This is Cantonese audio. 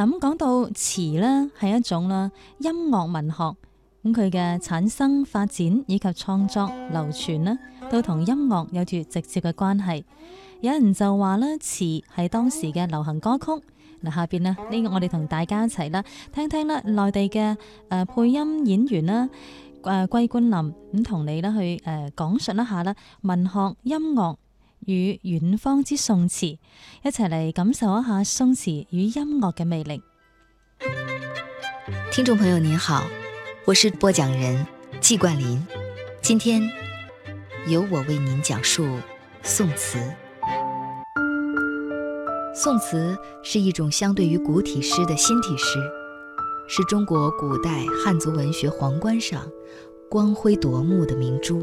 咁講到詞呢係一種啦，音樂文學，咁佢嘅產生、發展以及創作、流傳呢都同音樂有住直接嘅關係。有人就話呢詞係當時嘅流行歌曲。嗱，下邊呢，呢個我哋同大家一齊啦，聽聽咧內地嘅誒配音演員啦，誒桂冠林咁同你咧去誒講述一下啦，文學音樂。與遠方之宋詞，一齊嚟感受一下宋詞與音樂嘅魅力。聽眾朋友，你好，我是播講人季冠霖。今天由我為您講述宋詞。宋詞是一種相對於古體詩的新體詩，是中國古代漢族文學皇冠上光輝奪目的明珠。